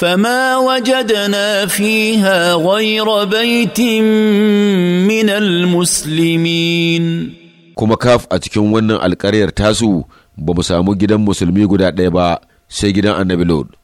فما وجدنا فيها غير بيت من المسلمين kuma kaf a cikin wannan alƙaryar tasu ba mu samu gidan musulmi guda ɗaya ba sai gidan annabi lod